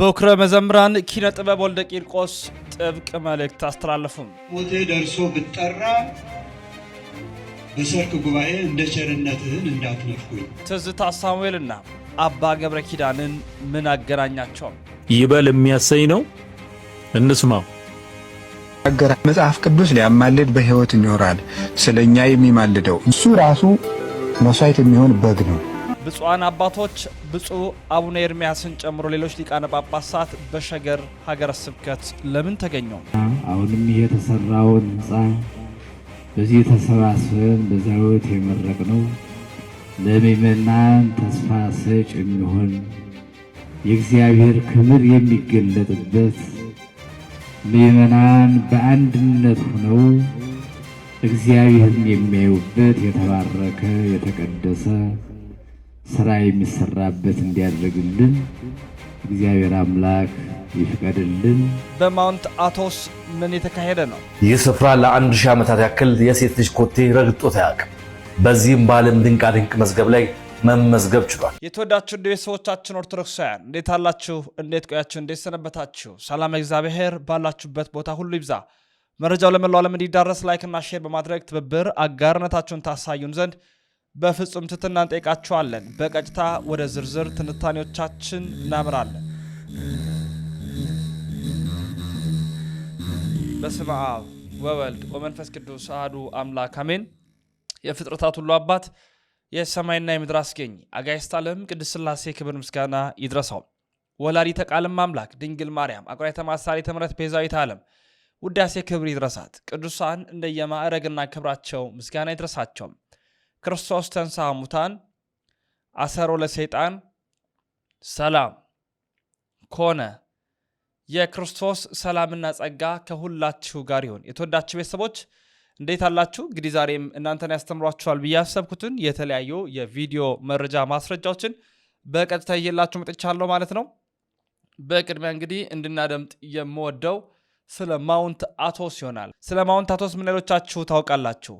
በኩረ መዘምራን ኪነ ጥበብ ወልደ ቂርቆስ ጥብቅ መልእክት አስተላለፉም። ሞቴ ደርሶ ብጠራ በሰርክ ጉባኤ እንደ ቸርነትህን እንዳትነፍኩኝ። ትዝታ ሳሙኤልና አባ ገብረ ኪዳንን ምን አገናኛቸውም? ይበል የሚያሰኝ ነው። እንስማው። መጽሐፍ ቅዱስ ሊያማልድ በሕይወት ይኖራል። ስለ እኛ የሚማልደው እሱ ራሱ መሥዋዕት የሚሆን በግ ነው። ብፁዓን አባቶች ብፁዕ አቡነ ኤርሚያስን ጨምሮ ሌሎች ሊቃነ ጳጳሳት በሸገር ሀገረ ስብከት ለምን ተገኘው? አሁንም የተሰራውን ህንፃ በዚህ ተሰባስበን በዛሬት የመረቅ ነው ለምእመናን ተስፋ ሰጭ የሚሆን የእግዚአብሔር ክብር የሚገለጥበት ምእመናን በአንድነት ሆነው እግዚአብሔርን የሚያዩበት የተባረከ የተቀደሰ ስራ የሚሰራበት እንዲያደርግልን እግዚአብሔር አምላክ ይፍቀድልን። በማውንት አቶስ ምን የተካሄደ ነው? ይህ ስፍራ ለአንድ ሺህ ዓመታት ያክል የሴት ልጅ ኮቴ ረግጦት አያውቅም። በዚህም በዓለም ድንቃ ድንቅ መዝገብ ላይ መመዝገብ ችሏል። የተወዳችሁ እንደ ቤተሰቦቻችን ኦርቶዶክሳውያን እንዴት አላችሁ? እንዴት ቆያችሁ? እንዴት ሰነበታችሁ? ሰላም እግዚአብሔር ባላችሁበት ቦታ ሁሉ ይብዛ። መረጃው ለመላው ዓለም እንዲዳረስ ላይክና ሼር በማድረግ ትብብር አጋርነታችሁን ታሳዩን ዘንድ በፍጹም ትትና እንጠይቃችኋለን። በቀጥታ ወደ ዝርዝር ትንታኔዎቻችን እናምራለን። በስመ አብ ወወልድ ወመንፈስ ቅዱስ አህዱ አምላክ አሜን። የፍጥረታት ሁሉ አባት የሰማይና የምድር አስገኝ አጋዕዝተ ዓለም ቅድስት ሥላሴ ክብር ምስጋና ይድረሳው። ወላዲተ ቃልም አምላክ ድንግል ማርያም አቁራይተ ማሳሪተ ምሕረት ቤዛዊተ ዓለም ውዳሴ ክብር ይድረሳት። ቅዱሳን እንደየማዕረግና ክብራቸው ምስጋና ይድረሳቸው። ክርስቶስ ተንሳሙታን እሙታን አሰሮ ለሰይጣን ሰላም ኮነ። የክርስቶስ ሰላምና ጸጋ ከሁላችሁ ጋር ይሁን። የተወዳችሁ ቤተሰቦች እንዴት አላችሁ? እንግዲህ ዛሬም እናንተን ያስተምሯችኋል ብዬ ያሰብኩትን የተለያዩ የቪዲዮ መረጃ ማስረጃዎችን በቀጥታ እየላችሁ መጥቻለሁ ማለት ነው። በቅድሚያ እንግዲህ እንድናደምጥ የምወደው ስለ ማውንት አቶስ ይሆናል። ስለ ማውንት አቶስ ምን ሌሎቻችሁ ታውቃላችሁ?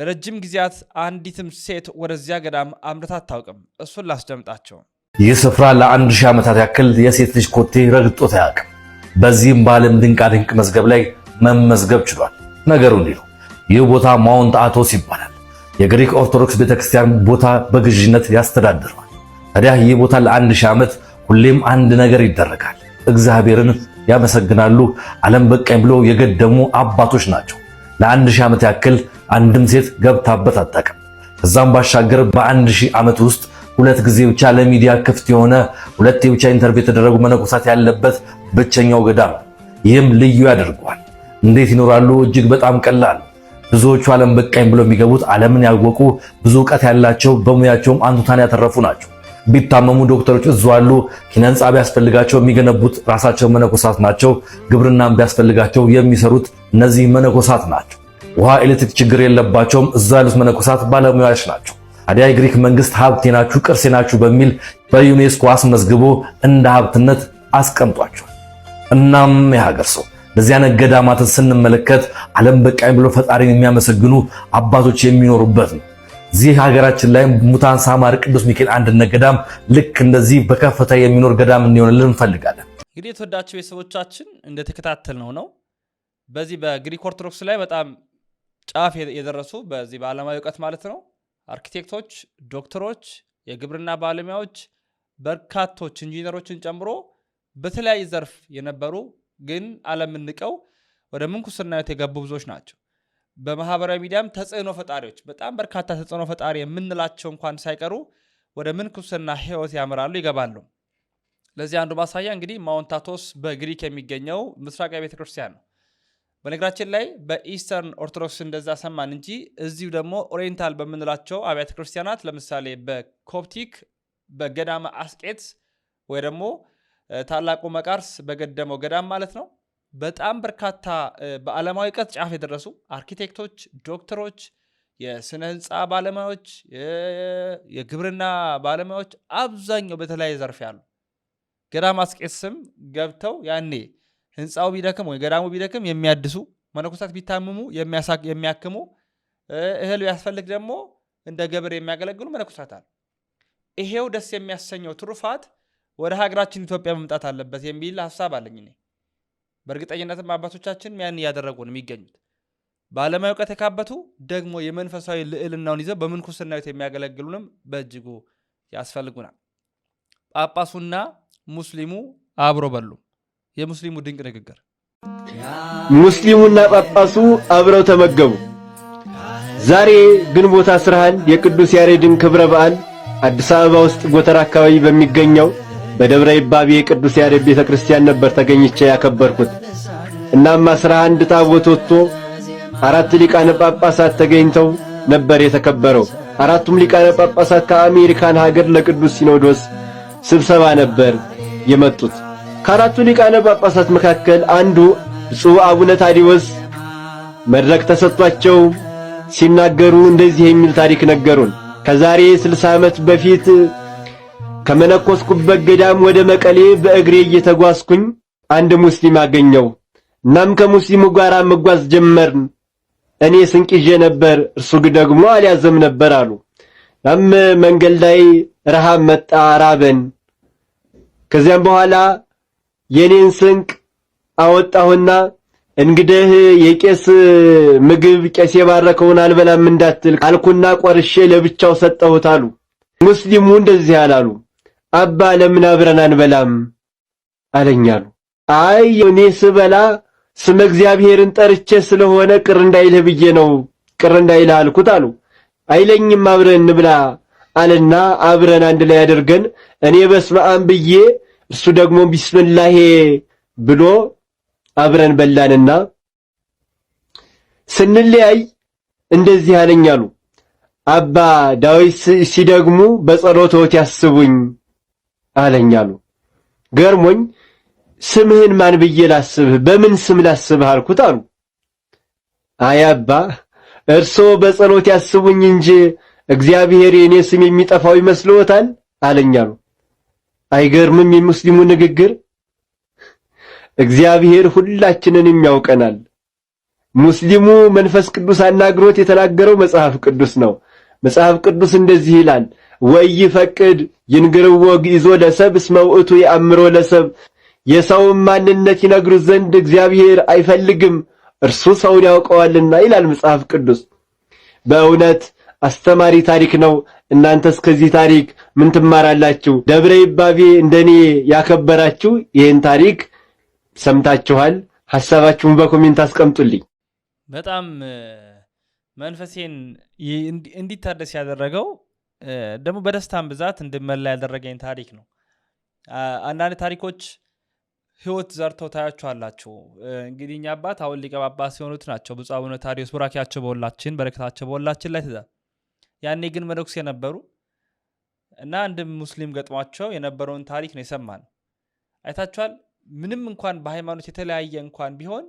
ለረጅም ጊዜያት አንዲትም ሴት ወደዚያ ገዳም አምርታ አታውቅም። እሱን ላስደምጣቸው። ይህ ስፍራ ለአንድ ሺህ ዓመታት ያክል የሴት ልጅ ኮቴ ረግጦት አያውቅም። በዚህም በዓለም ድንቃድንቅ መዝገብ ላይ መመዝገብ ችሏል። ነገሩ እንዲሉ ይህ ቦታ ማውንት አቶስ ይባላል። የግሪክ ኦርቶዶክስ ቤተክርስቲያን ቦታ በግዥነት ያስተዳድረዋል። ታዲያ ይህ ቦታ ለአንድ ሺህ ዓመት ሁሌም አንድ ነገር ይደረጋል። እግዚአብሔርን ያመሰግናሉ። ዓለም በቃኝ ብሎ የገደሙ አባቶች ናቸው። ለአንድ ሺህ ዓመት ያክል አንድም ሴት ገብታበት አታውቅም። ከዛም ባሻገር በአንድ ሺህ ዓመት ውስጥ ሁለት ጊዜ ብቻ ለሚዲያ ክፍት የሆነ ሁለት የብቻ ኢንተርቪው የተደረጉ መነኮሳት ያለበት ብቸኛው ገዳም ይህም ልዩ ያደርገዋል። እንዴት ይኖራሉ? እጅግ በጣም ቀላል። ብዙዎቹ ዓለም በቃኝ ብለው የሚገቡት ዓለምን ያወቁ ብዙ እውቀት ያላቸው በሙያቸውም አንቱታን ያተረፉ ናቸው። ቢታመሙ ዶክተሮች እዙ አሉ። ኪነ ቢያስፈልጋቸው የሚገነቡት ራሳቸው መነኮሳት ናቸው። ግብርናም ቢያስፈልጋቸው የሚሰሩት እነዚህ መነኮሳት ናቸው። ውሃ፣ ኤሌክትሪክ ችግር የለባቸውም። እዛ ያሉት መነኮሳት ባለሙያዎች ናቸው። አዲያ የግሪክ መንግስት ሀብቴ ናችሁ፣ ቅርሴ ናችሁ በሚል በዩኔስኮ አስመዝግቦ እንደ ሀብትነት አስቀምጧቸዋል። እናም የሀገር ሰው ለዚህ አይነት ገዳማትን ስንመለከት ዓለም በቃኝ ብሎ ፈጣሪን የሚያመሰግኑ አባቶች የሚኖሩበት ነው። እዚህ ሀገራችን ላይ ሙታን ሳማሪ ቅዱስ ሚካኤል አንድነት ገዳም ልክ እንደዚህ በከፍታ የሚኖር ገዳም እንዲሆንልን እንፈልጋለን። እንግዲህ የተወዳቸው ቤተሰቦቻችን እንደተከታተል ነው ነው በዚህ በግሪክ ኦርቶዶክስ ላይ በጣም ጫፍ የደረሱ በዚህ በዓለማዊ እውቀት ማለት ነው አርኪቴክቶች፣ ዶክተሮች፣ የግብርና ባለሙያዎች በርካቶች ኢንጂነሮችን ጨምሮ በተለያየ ዘርፍ የነበሩ ግን ዓለምን ንቀው ወደ ምንኩስናነት የገቡ ብዙዎች ናቸው። በማህበራዊ ሚዲያም ተጽዕኖ ፈጣሪዎች በጣም በርካታ ተጽዕኖ ፈጣሪ የምንላቸው እንኳን ሳይቀሩ ወደ ምንኩስና ህይወት ያምራሉ ይገባሉ። ለዚህ አንዱ ማሳያ እንግዲህ ማውንታቶስ በግሪክ የሚገኘው ምስራቃዊ ቤተክርስቲያን ነው። በነገራችን ላይ በኢስተርን ኦርቶዶክስ እንደዛ ሰማን እንጂ እዚሁ ደግሞ ኦሪየንታል በምንላቸው አብያተ ክርስቲያናት ለምሳሌ በኮፕቲክ በገዳመ አስቄት ወይ ደግሞ ታላቁ መቃርስ በገደመው ገዳም ማለት ነው በጣም በርካታ በዓለማዊ ቀት ጫፍ የደረሱ አርኪቴክቶች፣ ዶክተሮች፣ የስነ ህንፃ ባለሙያዎች፣ የግብርና ባለሙያዎች አብዛኛው በተለያየ ዘርፍ ያሉ ገዳም አስቄት ስም ገብተው ያኔ ህንፃው ቢደክም ወይ ገዳሙ ቢደክም የሚያድሱ መነኮሳት ቢታምሙ የሚያክሙ እህል ቢያስፈልግ ደግሞ እንደ ገበር የሚያገለግሉ መነኮሳት አሉ። ይሄው ደስ የሚያሰኘው ትሩፋት ወደ ሀገራችን ኢትዮጵያ መምጣት አለበት የሚል ሀሳብ አለኝ እኔ። በእርግጠኝነትም አባቶቻችን ያን እያደረጉ ነው የሚገኙት። በዓለማዊ እውቀት የካበቱ ደግሞ የመንፈሳዊ ልዕልናውን ይዘው በምንኩስናዊት የሚያገለግሉንም በእጅጉ ያስፈልጉናል። ጳጳሱና ሙስሊሙ አብሮ በሉ። የሙስሊሙ ድንቅ ንግግር። ሙስሊሙና ጳጳሱ አብረው ተመገቡ። ዛሬ ግንቦት 11 የቅዱስ ያሬድን ክብረ በዓል አዲስ አበባ ውስጥ ጎተራ አካባቢ በሚገኘው በደብረ ይባቤ የቅዱስ ያሬድ ቤተ ክርስቲያን ነበር ተገኝቼ ያከበርኩት። እናም አስራ አንድ ታቦት ወጥቶ አራት ሊቃነ ጳጳሳት ተገኝተው ነበር የተከበረው። አራቱም ሊቃነ ጳጳሳት ከአሜሪካን ሀገር ለቅዱስ ሲኖዶስ ስብሰባ ነበር የመጡት። ከአራቱ ሊቃነ ጳጳሳት መካከል አንዱ ብፁዕ አቡነ ታዲዎስ መድረክ ተሰጥቷቸው ሲናገሩ እንደዚህ የሚል ታሪክ ነገሩን። ከዛሬ 60 ዓመት በፊት ከመነኮስኩበት ገዳም ወደ መቀሌ በእግሬ እየተጓዝኩኝ አንድ ሙስሊም አገኘው። እናም ከሙስሊሙ ጋር መጓዝ ጀመርን። እኔ ስንቅ ይዤ ነበር፣ እርሱ ደግሞ አልያዘም ነበር አሉ። እናም መንገድ ላይ ረሃብ መጣ፣ ራበን። ከዚያም በኋላ የኔን ስንቅ አወጣሁና እንግዲህ የቄስ ምግብ ቄስ የባረከውን አልበላም እንዳትል አልኩና ቆርሼ ለብቻው ሰጠሁት አሉ። ሙስሊሙ እንደዚህ አላሉ። አባ ለምን አብረን አንበላም አለኛሉ። አይ እኔ ስበላ ስመ እግዚአብሔርን ጠርቼ ስለሆነ ቅር እንዳይልህ ብዬ ነው ቅር እንዳይልህ አልኩት አሉ። አይለኝም አብረን እንብላ አለና አብረን አንድ ላይ አድርገን እኔ በስመ አብ ብዬ እሱ ደግሞ ቢስሚላሂ ብሎ አብረን በላንና ስንለያይ እንደዚህ አለኝ አሉ። አባ ዳዊት ሲደግሙ በጸሎቶት ያስቡኝ አለኝ አሉ። ገርሞኝ ስምህን ማን ብዬ ላስብህ? በምን ስም ላስብህ አልኩት አሉ። አይ አባ እርሶ በጸሎት ያስቡኝ እንጂ እግዚአብሔር የእኔ ስም የሚጠፋው ይመስልዎታል? አለኝ አሉ። አይገርምም? የሙስሊሙ ንግግር። እግዚአብሔር ሁላችንን ያውቀናል። ሙስሊሙ መንፈስ ቅዱስ አናግሮት የተናገረው መጽሐፍ ቅዱስ ነው። መጽሐፍ ቅዱስ እንደዚህ ይላል፣ ወይ ፈቅድ ይንግርዎ ግይዞ ለሰብ እስመ ውእቱ ለሰብ። የሰውን ማንነት ይነግሩት ዘንድ እግዚአብሔር አይፈልግም፣ እርሱ ሰውን ያውቀዋልና ይላል መጽሐፍ ቅዱስ። በእውነት አስተማሪ ታሪክ ነው። እናንተስ ከዚህ ታሪክ ምን ትማራላችሁ? ደብረ ይባቤ እንደኔ ያከበራችሁ ይህን ታሪክ ሰምታችኋል። ሐሳባችሁን በኮሜንት አስቀምጡልኝ። በጣም መንፈሴን እንዲታደስ ያደረገው ደግሞ በደስታም ብዛት እንድመላ ያደረገኝ ታሪክ ነው። አንዳንድ ታሪኮች ህይወት ዘርተው ታያችኋላችሁ። እንግዲህ እኛ አባት አሁን ሊቀ ጳጳስ ናቸው ብፁዕ አቡነ ታዲዮስ ቡራኪያቸው በሁላችን በረከታቸው በሁላችን ላይ ትዛል ያኔ ግን መነኩሴ የነበሩ እና አንድ ሙስሊም ገጥሟቸው የነበረውን ታሪክ ነው የሰማን። አይታችኋል። ምንም እንኳን በሃይማኖት የተለያየ እንኳን ቢሆን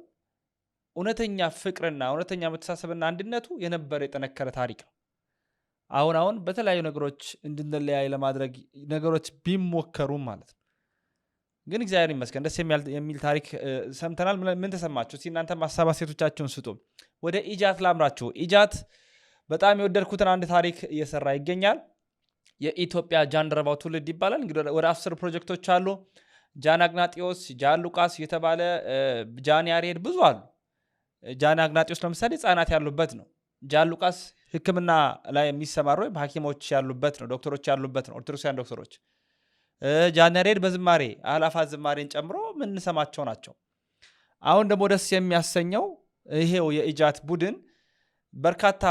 እውነተኛ ፍቅርና እውነተኛ መተሳሰብና አንድነቱ የነበረ የጠነከረ ታሪክ ነው። አሁን አሁን በተለያዩ ነገሮች እንድንለያይ ለማድረግ ነገሮች ቢሞከሩም ማለት ነው። ግን እግዚአብሔር ይመስገን ደስ የሚል ታሪክ ሰምተናል። ምን ተሰማችሁ? እስኪ ማሳባ ሀሳብ ስጡ። ወደ ኢጃት ላምራችሁ። ኢጃት በጣም የወደድኩትን አንድ ታሪክ እየሰራ ይገኛል። የኢትዮጵያ ጃንደረባው ትውልድ ይባላል። እንግዲህ ወደ አስር ፕሮጀክቶች አሉ። ጃን አግናጢዎስ፣ ጃን ሉቃስ የተባለ ጃን ያሬድ ብዙ አሉ። ጃን አግናጢዎስ ለምሳሌ ህጻናት ያሉበት ነው። ጃን ሉቃስ ሕክምና ላይ የሚሰማሩ ወይም ሐኪሞች ያሉበት ነው፣ ዶክተሮች ያሉበት ነው፣ ኦርቶዶክሳውያን ዶክተሮች። ጃን ያሬድ በዝማሬ አላፋት ዝማሬን ጨምሮ የምንሰማቸው ናቸው። አሁን ደግሞ ደስ የሚያሰኘው ይሄው የእጃት ቡድን በርካታ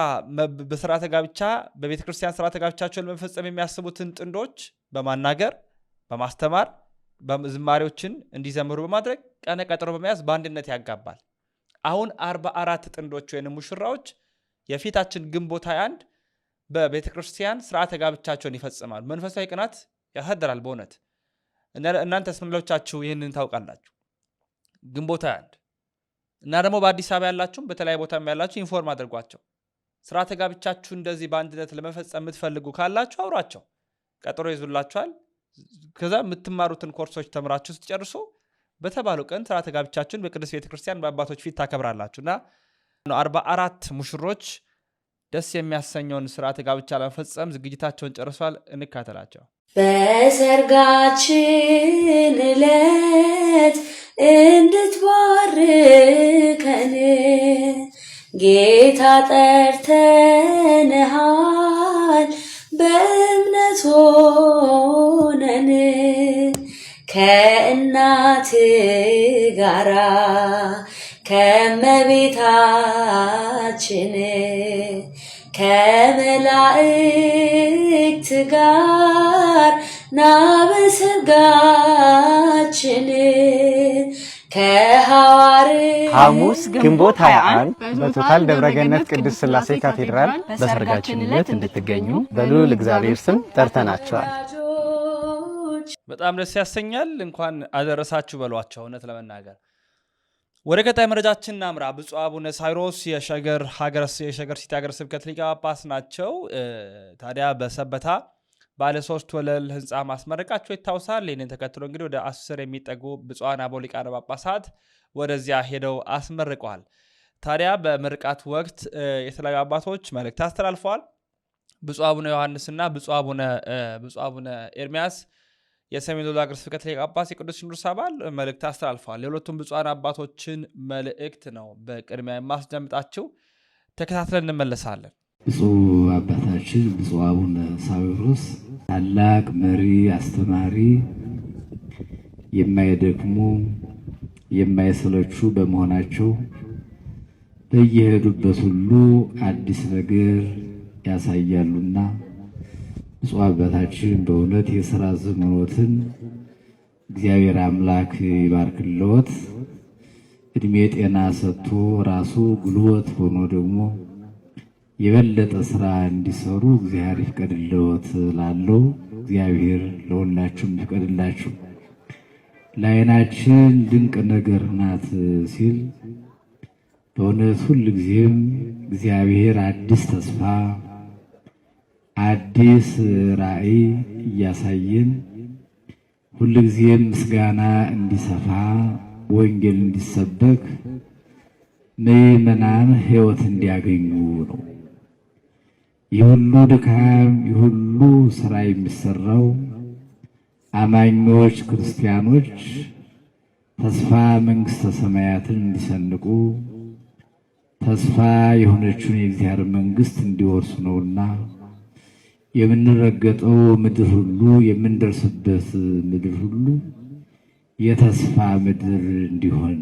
በስርዓተ ጋብቻ በቤተ ክርስቲያን ስርዓተ ጋብቻቸውን ለመፈጸም የሚያስቡትን ጥንዶች በማናገር በማስተማር ዝማሬዎችን እንዲዘምሩ በማድረግ ቀነ ቀጠሮ በመያዝ በአንድነት ያጋባል። አሁን አርባ አራት ጥንዶች ወይም ሙሽራዎች የፊታችን ግንቦት 21 በቤተ ክርስቲያን ስርዓተ ጋብቻቸውን ይፈጽማሉ። መንፈሳዊ ቅናት ያሳድራል። በእውነት እናንተ ምንሎቻችሁ ይህንን ታውቃላችሁ? ግንቦት 21 እና ደግሞ በአዲስ አበባ ያላችሁም በተለያየ ቦታም ያላችሁ ኢንፎርም አድርጓቸው። ስርዓተ ጋብቻችሁ እንደዚህ በአንድነት ለመፈጸም የምትፈልጉ ካላችሁ አውሯቸው፣ ቀጠሮ ይዙላችኋል። ከዛ የምትማሩትን ኮርሶች ተምራችሁ ስትጨርሱ በተባሉ ቀን ስርዓተ ጋብቻችሁን በቅድስት ቤተክርስቲያን በአባቶች ፊት ታከብራላችሁ እና አርባ አራት ሙሽሮች ደስ የሚያሰኘውን ስርዓተ ጋብቻ ለመፈጸም ዝግጅታቸውን ጨርሷል። እንካተላቸው። በሰርጋችን ዕለት እንድትባርከን ጌታ ጠርተንሃል፣ በእምነት ሆነን ከእናት ጋራ ከመቤታችን ከመላእክት ጋር ናበሰጋችን ከሐዋር ሐሙስ ግንቦት 21 በቶታል ደብረገነት ቅዱስ ሥላሴ ካቴድራል በሰርጋችን ዕለት እንድትገኙ በልዑል እግዚአብሔር ስም ጠርተናቸዋል። በጣም ደስ ያሰኛል። እንኳን አደረሳችሁ በሏቸው። እውነት ለመናገር ወደ ቀጣይ መረጃችን እናምራ። ብፁዕ አቡነ ሳይሮስ የሸገር የሸገር ሲቲ ሀገረ ስብከት ሊቀ ጳጳስ ናቸው። ታዲያ በሰበታ ባለ ሶስት ወለል ህንፃ ማስመረቃቸው ይታውሳል። ይህንን ተከትሎ እንግዲህ ወደ አስር የሚጠጉ ብፁዓን አበው ሊቃነ ጳጳሳት ወደዚያ ሄደው አስመርቀዋል። ታዲያ በምርቃት ወቅት የተለያዩ አባቶች መልእክት አስተላልፈዋል። ብፁዕ አቡነ ዮሐንስና ብፁዕ አቡነ ኤርሚያስ የሰሜን ዶሎ ሀገረ ስብከት ሊቀ ጳጳስ የቅዱስ ሲኖዶስ አባል መልእክት አስተላልፈዋል። የሁለቱም ብፁዓን አባቶችን መልእክት ነው በቅድሚያ የማስደምጣቸው። ተከታትለን እንመለሳለን። ብፁዕ አባታችን ብፁዕ አቡነ ሳዊሮስ ታላቅ መሪ፣ አስተማሪ፣ የማይደክሙ የማይሰለቹ በመሆናቸው በየሄዱበት ሁሉ አዲስ ነገር ያሳያሉና ብፁዕ አባታችን በእውነት የሥራ ዘመኖትን እግዚአብሔር አምላክ ይባርክልዎት። እድሜ ጤና ሰጥቶ ራሱ ጉልበት ሆኖ ደግሞ የበለጠ ስራ እንዲሰሩ እግዚአብሔር ይፍቀድልዎት። ላለው እግዚአብሔር ለሁላችሁም ይፍቀድላችሁ። ለአይናችን ድንቅ ነገር ናት ሲል በእውነት ጊዜም እግዚአብሔር አዲስ ተስፋ አዲስ ራዕይ እያሳየን ሁል ሁልጊዜም ምስጋና እንዲሰፋ ወንጌል እንዲሰበክ ምዕመናን ሕይወት እንዲያገኙ ነው። የሁሉ ድካም የሁሉ ስራ የሚሰራው አማኞች ክርስቲያኖች ተስፋ መንግሥተ ሰማያትን እንዲሰንቁ ተስፋ የሆነችውን የእግዚአብሔር መንግሥት እንዲወርሱ ነውና የምንረገጠው ምድር ሁሉ የምንደርስበት ምድር ሁሉ የተስፋ ምድር እንዲሆን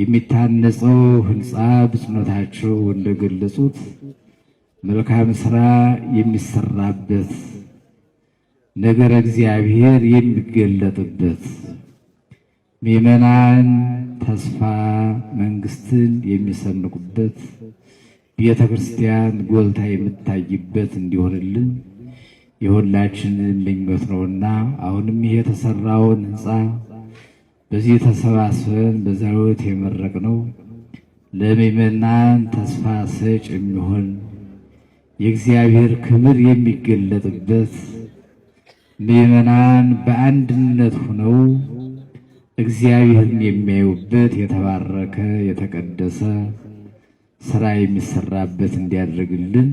የሚታነጸው ሕንፃ ብፁዕነታቸው እንደገለጹት መልካም ስራ የሚሰራበት ነገር እግዚአብሔር የሚገለጥበት ምዕመናን ተስፋ መንግስትን የሚሰንቁበት ቤተ ክርስቲያን ጎልታ የምታይበት እንዲሆንልን የሁላችንን ምኞት ነውና አሁንም ይሄ የተሰራውን ህንፃ በዚህ ተሰባስበን በዛሬት የመረቅ ነው ለምእመናን ተስፋ ሰጭ የሚሆን የእግዚአብሔር ክብር የሚገለጥበት ምእመናን በአንድነት ሆነው እግዚአብሔርን የሚያዩበት የተባረከ የተቀደሰ ስራ የሚሰራበት እንዲያደርግልን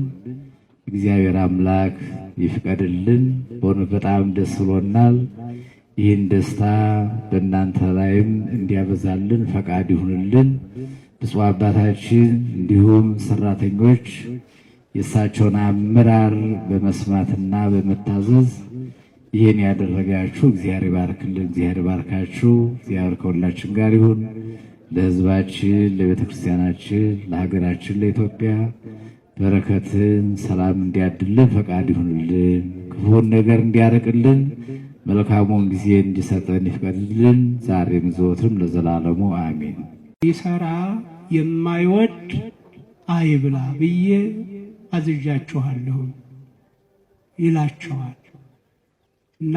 እግዚአብሔር አምላክ ይፍቀድልን። በሆነ በጣም ደስ ብሎናል። ይህን ደስታ በእናንተ ላይም እንዲያበዛልን ፈቃድ ይሁንልን። ብፁዕ አባታችን እንዲሁም ሰራተኞች የእሳቸውን አመራር በመስማትና በመታዘዝ ይህን ያደረጋችሁ እግዚአብሔር ባርክልን እግዚአብሔር ባርካችሁ እግዚአብሔር ከሁላችን ጋር ይሁን። ለህዝባችን ለቤተ ክርስቲያናችን፣ ለሀገራችን፣ ለኢትዮጵያ በረከትን፣ ሰላም እንዲያድልን ፈቃድ ይሁንልን። ክፉን ነገር እንዲያርቅልን፣ መልካሙን ጊዜ እንዲሰጠን ይፍቀድልን። ዛሬም ዘወትም ለዘላለሙ አሜን። ይሰራ የማይወድ አይብላ ብዬ አዝዣችኋለሁ ይላቸዋል እና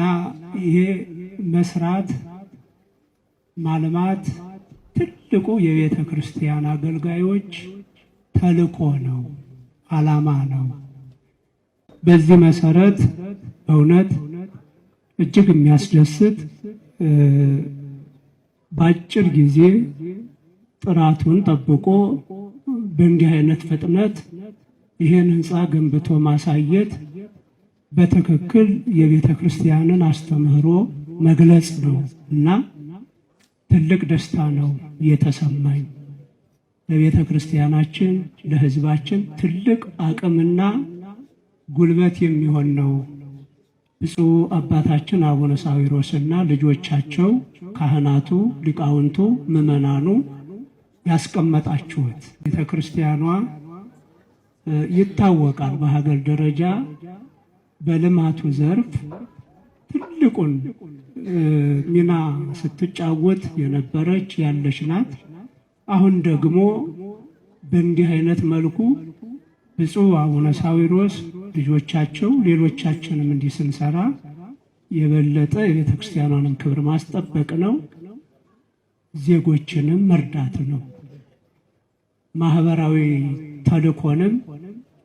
ይሄ መስራት ማልማት ትልቁ የቤተ ክርስቲያን አገልጋዮች ተልእኮ ነው፣ ዓላማ ነው። በዚህ መሰረት በእውነት እጅግ የሚያስደስት በአጭር ጊዜ ጥራቱን ጠብቆ በእንዲህ አይነት ፍጥነት ይህን ህንፃ ገንብቶ ማሳየት በትክክል የቤተ ክርስቲያንን አስተምህሮ መግለጽ ነው እና ትልቅ ደስታ ነው የተሰማኝ። ለቤተ ክርስቲያናችን ለሕዝባችን ትልቅ አቅምና ጉልበት የሚሆን ነው። ብፁዕ አባታችን አቡነ ሳዊሮስና ልጆቻቸው፣ ካህናቱ፣ ሊቃውንቱ፣ ምዕመናኑ ያስቀመጣችሁት ቤተ ክርስቲያኗ ይታወቃል በሀገር ደረጃ በልማቱ ዘርፍ ትልቁን ሚና ስትጫወት የነበረች ያለች ናት። አሁን ደግሞ በእንዲህ አይነት መልኩ ብፁዕ አቡነ ሳዊሮስ ልጆቻቸው ሌሎቻችንም እንዲህ ስንሰራ የበለጠ የቤተ ክርስቲያኗንም ክብር ማስጠበቅ ነው፣ ዜጎችንም መርዳት ነው፣ ማህበራዊ ተልእኮንም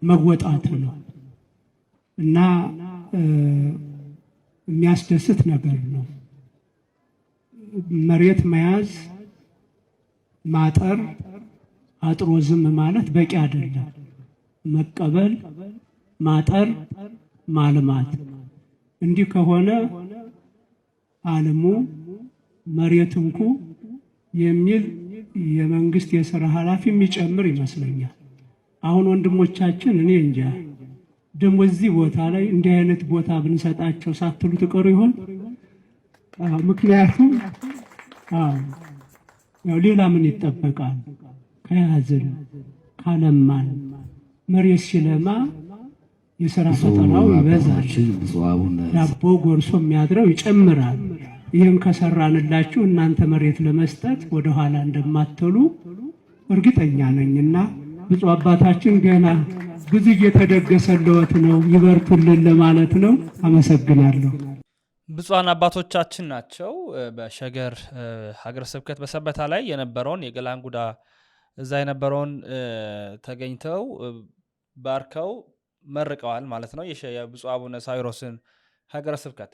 መወጣት ነው እና የሚያስደስት ነገር ነው። መሬት መያዝ፣ ማጠር፣ አጥሮ ዝም ማለት በቂ አይደለም። መቀበል፣ ማጠር፣ ማልማት። እንዲህ ከሆነ አልሙ መሬት እንኩ የሚል የመንግስት የስራ ኃላፊ የሚጨምር ይመስለኛል። አሁን ወንድሞቻችን እኔ እንጃ ደግሞ እዚህ ቦታ ላይ እንዲህ አይነት ቦታ ብንሰጣቸው ሳትሉ ትቀሩ ይሆን? ምክንያቱም ያው ሌላ ምን ይጠበቃል? ከያዝን ካለማን መሬት ሲለማ የስራ ፈጠራው ይበዛል፣ ዳቦ ጎርሶ የሚያድረው ይጨምራል። ይህን ከሰራንላችሁ እናንተ መሬት ለመስጠት ወደኋላ እንደማትሉ እርግጠኛ ነኝና ብፁዕ አባታችን ገና ብዙ እየተደገሰለወት ነው። ይበርቱልን ለማለት ነው። አመሰግናለሁ። ብፁዓን አባቶቻችን ናቸው በሸገር ሀገረ ስብከት በሰበታ ላይ የነበረውን የገላንጉዳ እዛ የነበረውን ተገኝተው ባርከው መርቀዋል ማለት ነው የብፁዕ አቡነ ሳዊሮስን ሀገረ ስብከት።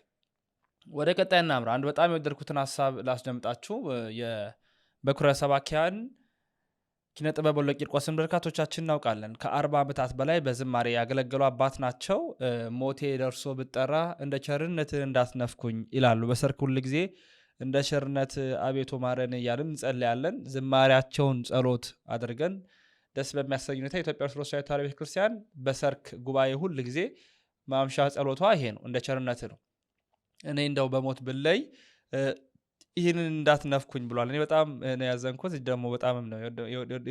ወደ ቀጣይ እናምራ። አንድ በጣም የወደድኩትን ሀሳብ ላስደምጣችሁ። በኩረ ሰባኪያን ኪነ ጥበብ ወሎ ቂርቆስን በርካቶቻችን እናውቃለን። ከአርባ ዓመታት በላይ በዝማሬ ያገለገሉ አባት ናቸው። ሞቴ ደርሶ ብጠራ እንደ ቸርነት እንዳትነፍኩኝ ይላሉ። በሰርክ ሁል ጊዜ እንደ ቸርነት አቤቱ ማረን እያልን እንጸልያለን። ዝማሬያቸውን ጸሎት አድርገን ደስ በሚያሰኝ ሁኔታ የኢትዮጵያ ኦርቶዶክስ ተዋሕዶ ቤተክርስቲያን በሰርክ ጉባኤ ሁል ጊዜ ማምሻ ጸሎቷ ይሄ ነው፣ እንደ ቸርነት ነው። እኔ እንደው በሞት ብለይ ይህንን እንዳትነፍኩኝ ብሏል። እኔ በጣም ነው ያዘንኩት፣ ደግሞ በጣምም ነው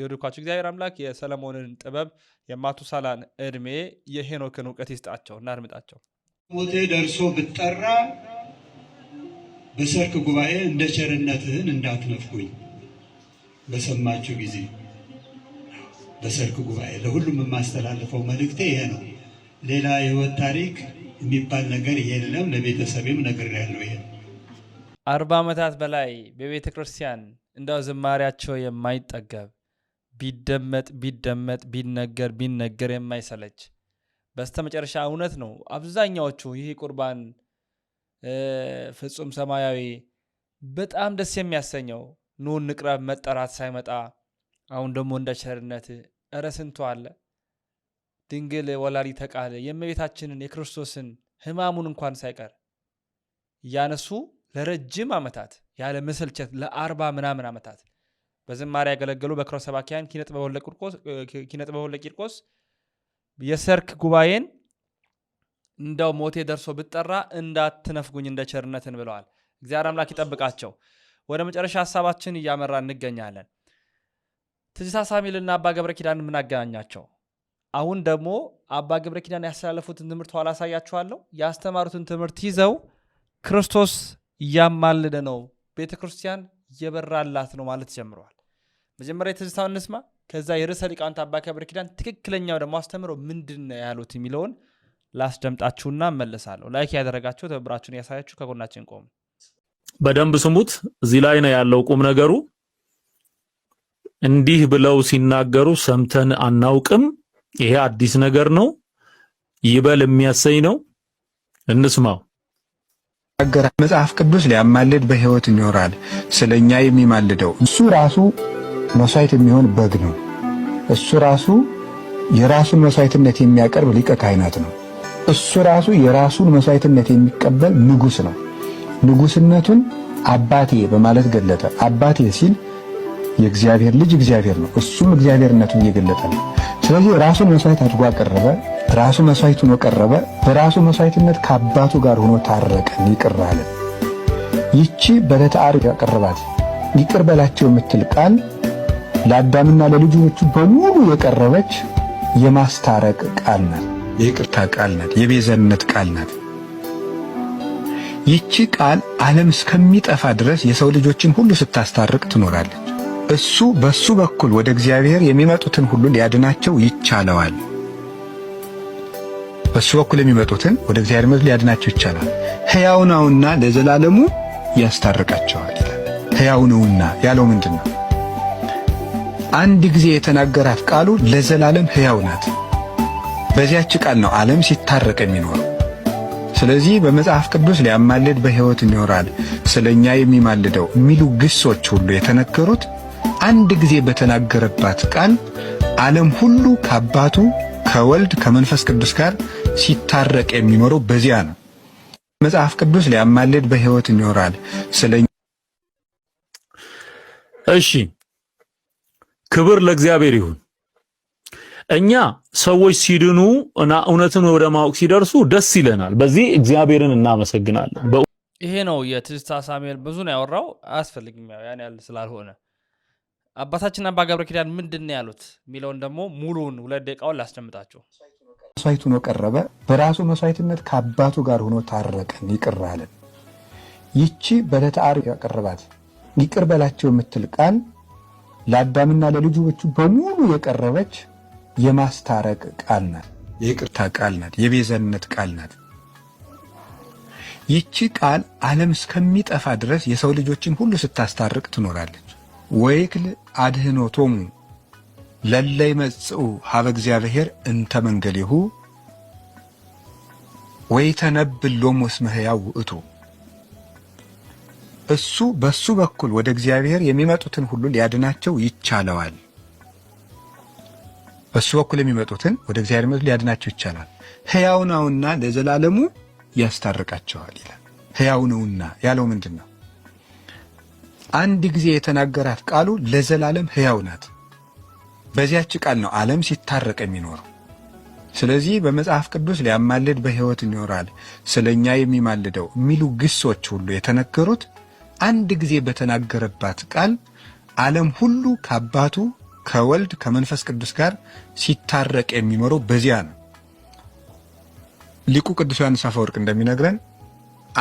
የወደድኳቸው። እግዚአብሔር አምላክ የሰለሞንን ጥበብ፣ የማቱሳላን እድሜ፣ የሄኖክን እውቀት ይስጣቸው። እናድምጣቸው። ሞቴ ደርሶ ብጠራ በሰርክ ጉባኤ እንደ ቸርነትህን እንዳትነፍኩኝ በሰማችሁ ጊዜ በሰርክ ጉባኤ ለሁሉም የማስተላልፈው መልእክቴ ይሄ ነው። ሌላ የህይወት ታሪክ የሚባል ነገር የለም። ለቤተሰቤም ነገር ያለው ይሄ አርባ ዓመታት በላይ በቤተ ክርስቲያን እንዳው ዝማሪያቸው የማይጠገብ ቢደመጥ ቢደመጥ ቢነገር ቢነገር የማይሰለች በስተ መጨረሻ እውነት ነው። አብዛኛዎቹ ይህ ቁርባን ፍጹም ሰማያዊ በጣም ደስ የሚያሰኘው ኑ ንቅረብ መጠራት ሳይመጣ አሁን ደግሞ እንደ ቸርነት እረ ስንቱ አለ ድንግል ወላዲተ ተቃለ የእመቤታችንን የክርስቶስን ሕማሙን እንኳን ሳይቀር እያነሱ ለረጅም ዓመታት ያለ መሰልቸት ለአርባ ምናምን ዓመታት በዝማሬ ያገለገሉ በክረው ሰባኪያን ኪነጥበብ ወልደ ቂርቆስ የሰርክ ጉባኤን እንደው ሞቴ ደርሶ ብጠራ እንዳትነፍጉኝ እንደ ቸርነትን ብለዋል። እግዚአብሔር አምላክ ይጠብቃቸው። ወደ መጨረሻ ሀሳባችን እያመራ እንገኛለን። ትዝታ ሳሚልና አባ ገብረ ኪዳን የምናገናኛቸው አሁን ደግሞ አባ ገብረ ኪዳን ያስተላለፉትን ትምህርት ኋላ አሳያችኋለሁ። ያስተማሩትን ትምህርት ይዘው ክርስቶስ እያማልደ ነው። ቤተ ክርስቲያን እየበራላት ነው ማለት ጀምረዋል። መጀመሪያ የትዝታውን እንስማ፣ ከዛ የርዕሰ ሊቃውንት አባ ከበረ ኪዳን ትክክለኛው ደግሞ አስተምሮ ምንድን ነው ያሉት የሚለውን ላስደምጣችሁና መለሳለሁ ላይክ ያደረጋችሁ ትብብራችሁን ያሳያችሁ፣ ከጎናችን ቆሙ። በደንብ ስሙት። እዚህ ላይ ነው ያለው ቁም ነገሩ። እንዲህ ብለው ሲናገሩ ሰምተን አናውቅም፣ ይሄ አዲስ ነገር ነው፣ ይበል የሚያሰኝ ነው። እንስማው ይናገራል። መጽሐፍ ቅዱስ ሊያማልድ በሕይወት ይኖራል። ስለ እኛ የሚማልደው እሱ ራሱ መስዋዕት የሚሆን በግ ነው። እሱ ራሱ የራሱን መስዋዕትነት የሚያቀርብ ሊቀ ካህናት ነው። እሱ ራሱ የራሱን መስዋዕትነት የሚቀበል ንጉሥ ነው። ንጉሥነቱን አባቴ በማለት ገለጠ። አባቴ ሲል የእግዚአብሔር ልጅ እግዚአብሔር ነው። እሱም እግዚአብሔርነቱን እየገለጠ ነው። ስለዚህ ራሱን መስዋዕት አድርጎ አቀረበ። ራሱ መስዋዕት ሆኖ ቀረበ። በራሱ መስዋዕትነት ከአባቱ ጋር ሆኖ ታረቀ፣ ይቅር አለ። ይቺ በዕለተ ዓርብ ያቀረባት ይቅር በላቸው የምትል ቃል ለአዳምና ለልጆቹ በሙሉ የቀረበች የማስታረቅ ቃል ናት። የይቅርታ ቃል ናት። የቤዘነት ቃል ናት። ይቺ ቃል ዓለም እስከሚጠፋ ድረስ የሰው ልጆችን ሁሉ ስታስታርቅ ትኖራለች። እሱ በሱ በኩል ወደ እግዚአብሔር የሚመጡትን ሁሉ ሊያድናቸው ይቻለዋል። በሱ በኩል የሚመጡትን ወደ እግዚአብሔር ምድር ሊያድናቸው ይቻላል። ሕያው ነውና ለዘላለሙ ያስታርቃቸዋል ይላል። ሕያው ነውና ያለው ምንድን ነው? አንድ ጊዜ የተናገራት ቃሉ ለዘላለም ሕያው ናት። በዚያች ቃል ነው ዓለም ሲታረቅ የሚኖረው። ስለዚህ በመጽሐፍ ቅዱስ ሊያማልድ በሕይወት ይኖራል፣ ስለኛ የሚማልደው የሚሉ ግሶች ሁሉ የተነገሩት አንድ ጊዜ በተናገረባት ቃል ዓለም ሁሉ ከአባቱ ከወልድ ከመንፈስ ቅዱስ ጋር ሲታረቅ የሚኖረው በዚያ ነው። መጽሐፍ ቅዱስ ሊያማልድ በሕይወት ይኖራል። ስለ እሺ፣ ክብር ለእግዚአብሔር ይሁን። እኛ ሰዎች ሲድኑ እና እውነትን ወደ ማወቅ ሲደርሱ ደስ ይለናል። በዚህ እግዚአብሔርን እናመሰግናለን። ይሄ ነው የትዝታ ሳሙኤል ብዙ ነው ያወራው፣ አያስፈልግም ያን ያህል ስላልሆነ አባታችን አባ ገብረ ኪዳን ምንድን ነው ያሉት የሚለውን ደግሞ ሙሉውን ሁለት ደቂቃውን ላስደምጣቸው። መስዋዕቱ ነው ቀረበ። በራሱ መስዋዕትነት ከአባቱ ጋር ሆኖ ታረቀን፣ ይቅር አለን። ይቺ በዕለተ ዓርብ ያቀረባት ይቅር በላቸው የምትል ቃል ለአዳምና ለልጆቹ በሙሉ የቀረበች የማስታረቅ ቃል ናት። የይቅርታ ቃል ናት። የቤዘነት ቃል ናት። ይቺ ቃል ዓለም እስከሚጠፋ ድረስ የሰው ልጆችን ሁሉ ስታስታርቅ ትኖራለች። ወይክል አድህኖቶሙ ለለ ይመጽኡ ሀበ እግዚአብሔር እንተ መንገሌሁ ወይተነብል ሎሙ እስመ ሕያው ውእቱ። እሱ በሱ በኩል ወደ እግዚአብሔር የሚመጡትን ሁሉ ሊያድናቸው ይቻለዋል። በሱ በኩል የሚመጡትን ወደ እግዚአብሔር የሚመጡ ሊያድናቸው ይቻላል። ሕያው ነውና ለዘላለሙ ያስታርቃቸዋል ይላል። ሕያው ነውና ያለው ምንድን ነው? አንድ ጊዜ የተናገራት ቃሉ ለዘላለም ሕያው ናት። በዚያች ቃል ነው ዓለም ሲታረቅ የሚኖረው። ስለዚህ በመጽሐፍ ቅዱስ ሊያማልድ በሕይወት ይኖራል፣ ስለ እኛ የሚማልደው የሚሉ ግሶች ሁሉ የተነገሩት አንድ ጊዜ በተናገረባት ቃል ዓለም ሁሉ ከአባቱ ከወልድ ከመንፈስ ቅዱስ ጋር ሲታረቅ የሚኖረው በዚያ ነው። ሊቁ ቅዱስ ዮሐንስ አፈወርቅ እንደሚነግረን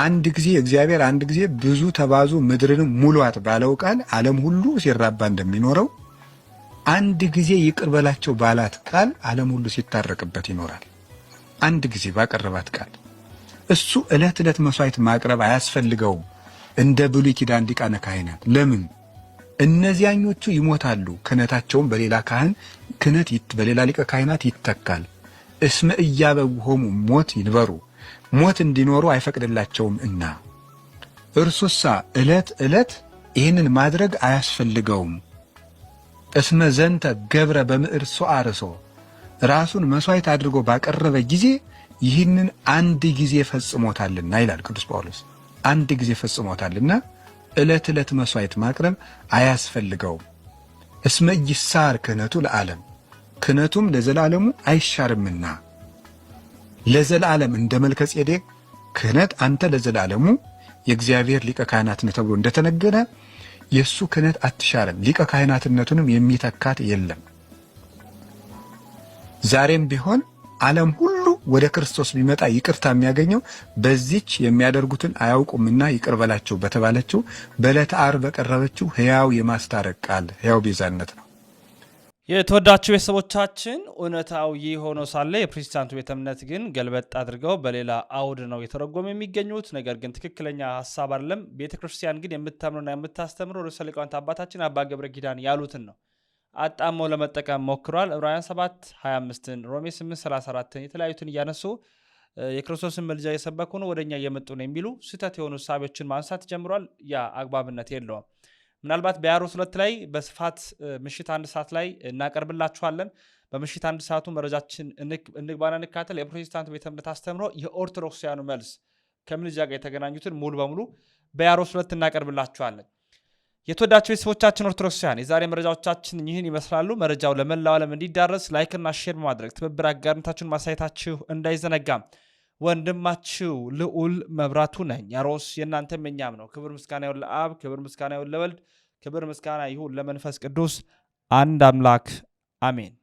አንድ ጊዜ እግዚአብሔር አንድ ጊዜ ብዙ ተባዙ ምድርን ሙሏት ባለው ቃል ዓለም ሁሉ ሲራባ እንደሚኖረው አንድ ጊዜ ይቅር በላቸው ባላት ቃል ዓለም ሁሉ ሲታረቅበት ይኖራል። አንድ ጊዜ ባቀረባት ቃል እሱ ዕለት ዕለት መሥዋዕት ማቅረብ አያስፈልገውም እንደ ብሉይ ኪዳን ሊቃነ ካህናት። ለምን? እነዚያኞቹ ይሞታሉ፣ ክህነታቸውም በሌላ ካህን ክህነት በሌላ ሊቀ ካህናት ይተካል። እስመ እያበሆሙ ሞት ይንበሩ ሞት እንዲኖሩ አይፈቅድላቸውም እና እርሱሳ ዕለት ዕለት ይህንን ማድረግ አያስፈልገውም። እስመ ዘንተ ገብረ በምዕር ሶአርሶ ራሱን መሥዋዕት አድርጎ ባቀረበ ጊዜ ይህንን አንድ ጊዜ ፈጽሞታልና ይላል ቅዱስ ጳውሎስ። አንድ ጊዜ ፈጽሞታልና ዕለት ዕለት መሥዋዕት ማቅረብ አያስፈልገውም። እስመ ይሳር ክህነቱ ለዓለም ክህነቱም ለዘላለሙ አይሻርምና ለዘላለም እንደ መልከ ጼዴቅ ክህነት አንተ ለዘላለሙ የእግዚአብሔር ሊቀ ካህናት ነህ ተብሎ እንደተነገረ የእሱ ክህነት አትሻለም። ሊቀ ካህናትነቱንም የሚተካት የለም። ዛሬም ቢሆን ዓለም ሁሉ ወደ ክርስቶስ ቢመጣ ይቅርታ የሚያገኘው በዚች የሚያደርጉትን አያውቁምና ይቅር በላቸው በተባለችው በዕለተ ዓርብ በቀረበችው ሕያው የማስታረቅ ቃል ሕያው ቤዛነት ነው። የተወዳችሁ ቤተሰቦቻችን እውነታው ይህ ሆኖ ሳለ የፕሮቴስታንቱ ቤተ እምነት ግን ገልበጥ አድርገው በሌላ አውድ ነው የተረጎሙ የሚገኙት። ነገር ግን ትክክለኛ ሀሳብ አይደለም። ቤተ ክርስቲያን ግን የምታምነውና የምታስተምረው ርዕሰ ሊቃውንት አባታችን አባ ገብረ ኪዳን ያሉትን ነው አጣሞ ለመጠቀም ሞክሯል። ዕብራውያን 7 25ን፣ ሮሜ 8 34ን የተለያዩትን እያነሱ የክርስቶስን መልጃ እየሰበኩ ነው ወደኛ እየመጡ ነው የሚሉ ስህተት የሆኑ ሳቢዎችን ማንሳት ጀምሯል። ያ አግባብነት የለውም። ምናልባት በያሮስ ሁለት ላይ በስፋት ምሽት አንድ ሰዓት ላይ እናቀርብላችኋለን። በምሽት አንድ ሰዓቱ መረጃችን እንግባና እንካተል። የፕሮቴስታንት ቤተ እምነት አስተምሮ የኦርቶዶክሳውያኑ መልስ ከምንጃ ጋር የተገናኙትን ሙሉ በሙሉ በያሮስ ሁለት እናቀርብላችኋለን። የተወዳቸው ቤተሰቦቻችን ኦርቶዶክሳውያን የዛሬ መረጃዎቻችን ይህን ይመስላሉ። መረጃው ለመላው ዓለም እንዲዳረስ ላይክና ሼር በማድረግ ትብብር አጋርነታችሁን ማሳየታችሁ እንዳይዘነጋም ወንድማችሁ ልዑል መብራቱ ነኝ። ያሮስ የእናንተም የእኛም ነው። ክብር ምስጋና ይሁን ለአብ፣ ክብር ምስጋና ይሁን ለወልድ፣ ክብር ምስጋና ይሁን ለመንፈስ ቅዱስ አንድ አምላክ አሜን።